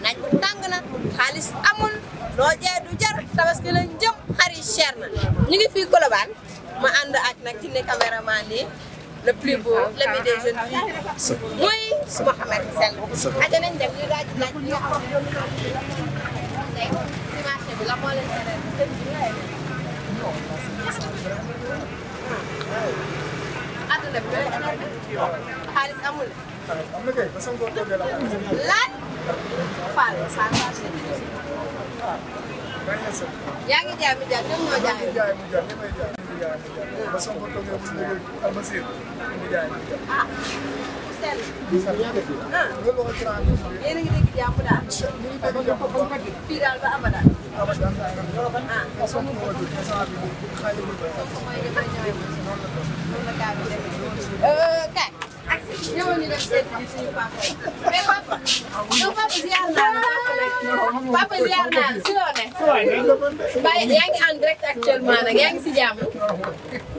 Naik bu tàng na xaalis amul loo jaay du jar tabaski lañ jëm xar cher na ngi ma ànd ak nag ci ne caméraman yi le plus beau l'ami des jeunes filles muy Mouhamed Sène aja nañ dem ñu xam Lan Fal Jangan jamin ah. Ini kita kita apa dah? Ah papa ziar naa la si loo ne. bàyyi yaa ngi en direct actuellement nag yaa ngi si jàmm.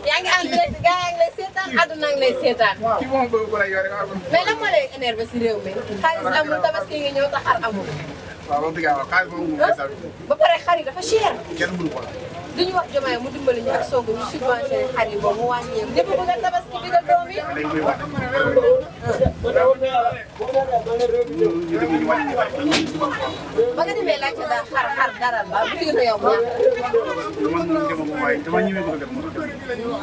yaa ngi en direct gaa yaa ngi lay seetaan àdduna ngi lay seetaan. mais lan moo lay énervé si réew mi xaalis amul tabaski ngi ñëw taxar amul. ba pare xar yi dafa cher. li ñu wax Diomaye mu dimbali ñu ak soog ñu subventionné xar yi boobu mu wàññeeku. ñëpp bëgg a tabaski bi nga doom yi. ba nga demee laajte daal xar xar dara ba bu fi yow ñaax.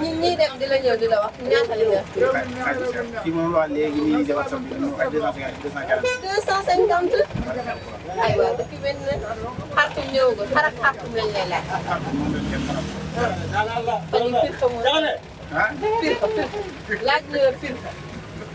ñi ñi dem di la ñëw di la wax ñaata li nga. kii moom waa léegi nii defar sam bi ay deux cent cinquante deux cent quarante. deux cent cinquante. aywa dafa mel ne xartu ñëwagul xar ak xartu mel ne laaj. ba ñu pir xamul. pir xam laaj ñu la pir xam.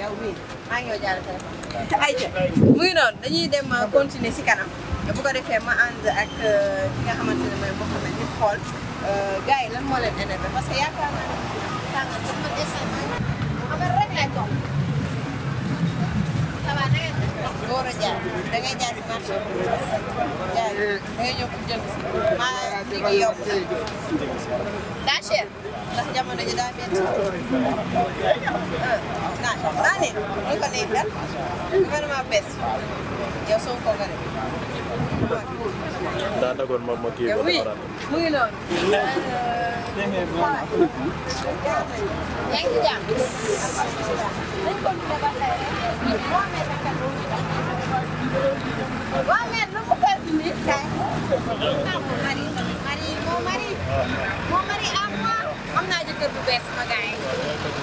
yow mii maa ngi yow jaarale téléphone. noonu dañuy dem uh, continuer ci kanam bu ko defee ma ànd ak uh, ki nga xamante ne mooy boo xam ne xool uh, gars lan moo leen énervé parce que yaakaar naa nga rek lay toog war a jaay da ngay jaay ci marché jaay da ngay ñëw pour jënd si maa ngi ngi yokk daa cher ndax jamono ji daa métti naa ah, naa ne ñu ko lay dal gouvernement bees yow soo ko nga def daa dagoon moom ma kii ba defaraat mu ngi noonu yaa ngi ci jàmm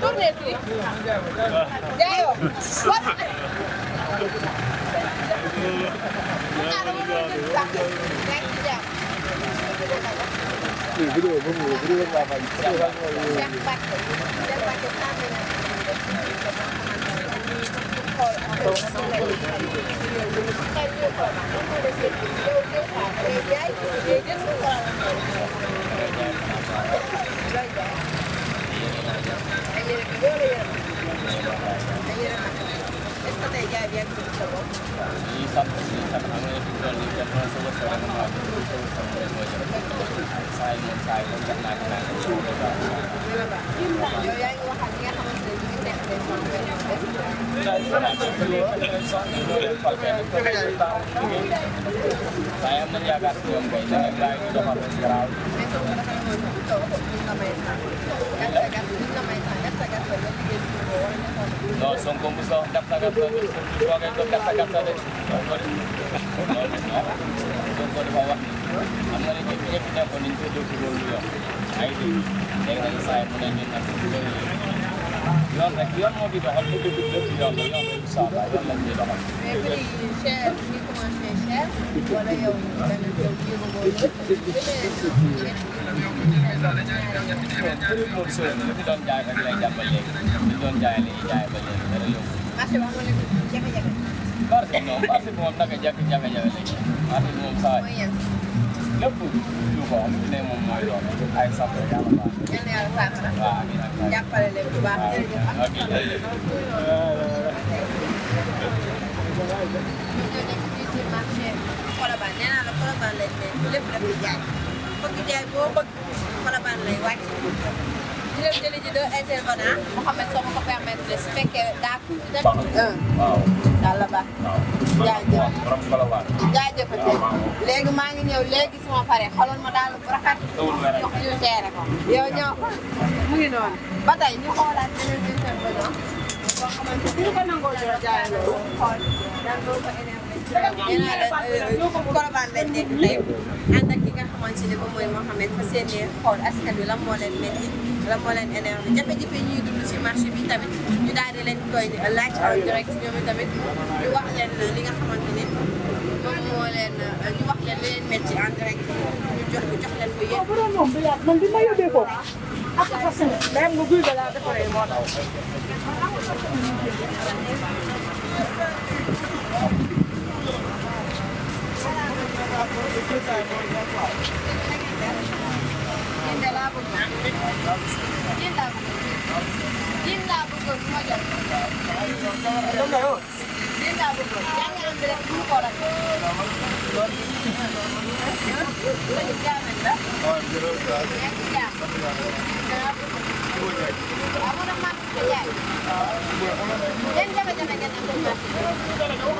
tốt Don't hit me. Dale. What? Video, video, video, Thank you. saya menjaga tiang bayi dan lain-lain itu harus dirawat. No, są kombusa, kapta, kapta, uwagę, to kapta, kapta, అందరికీ పిల్ల పిల్ల కొన్ని ఇంటి దూకి రోజులు అయితే సాయం يلا يلا بينا هنقول لك دلوقتي يلا يلا مساعدة يلا بينا هنقول شاف فيكم عشان شاف ولا يوم كان التوفيق وبولد Barsi moom barsi moom naka jafe-jafe jafe lañ barsi moom saa lépp lu ko am ne moom mooy doon ay sant yàlla baax na yàlla baax na waaw amiin amiin jàppale leen bu baax Colobane nee naa la Colobane lañ ne lépp la fi jaay bëgg jaay boo bëgg Colobane lay wàcc di leen jëli ji deux intervenant Mouhamed soo ma ko permettre su fekkee daa daal la baax jaajëf borom Kolawaar. jaajëfatee léegi maa ngi ñëw léegi su ma paree xoolal ma daal bu rafet. jox ñu teere ko. yow ñëw mu ngi noonu. ba tey ñu xoolaat beneen bi seen bëggoon. boo xamante ni ko nangoo dara jaay loolu xool daal doo ko énervé. nee naa la Colobane lañ nekk tey ànd ak ki nga xamante ne moom mooy Mouhamed fa seen xool askan wi lan moo leen métti. la moo leen énervé jafe-jafe yi ñuy dund si marché bi tamit ñu daal di leen koy laaj en direct ñoom tamit ñu wax leen li nga xamante ni moom moo leen ñu wax leen li leen métti en direct ñu jox jox leen ko yéen. waaw borom moom bi man bi ma yóbbee ko ak xasin même nga guy balaa defaree moo tax. Thank you. jinde laabugo jin laabugo jin laabugo ɗuma jal jin laabugo jami andire ɗum korat woni jamen ɗa amono manko jaay ɓen jaɓe jaɓe gen ando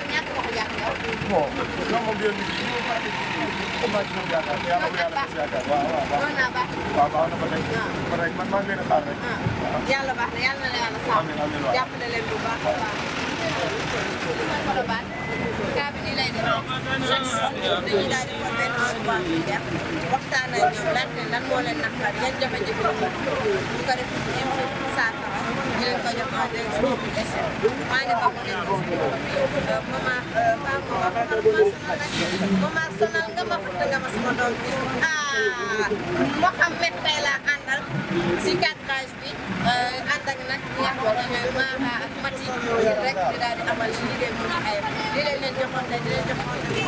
yàlla baax na yàlla na la yàlla sax jàppale leen bu baax a baax. kaa bi nii lay def chaque jour dañuy daal di formé nu mu baax di def waxtaan ak ñoom laaj leen lan moo leen naqar yan jafe-jafe la bu ko def ñoom saafara ñu leen ko jox en deux jours bu dese maa ngi baaxoo leen Omar sonal nga ma fëtt nga ma sama doom bi ah Mouhamed tey laa àndal si cadrage bi euh, ànd ak nag ñax ba nga ñooy Mara ak Mati rek di daal di amal liggéey bu ñu ayib di leen leen joxoon di leen joxoon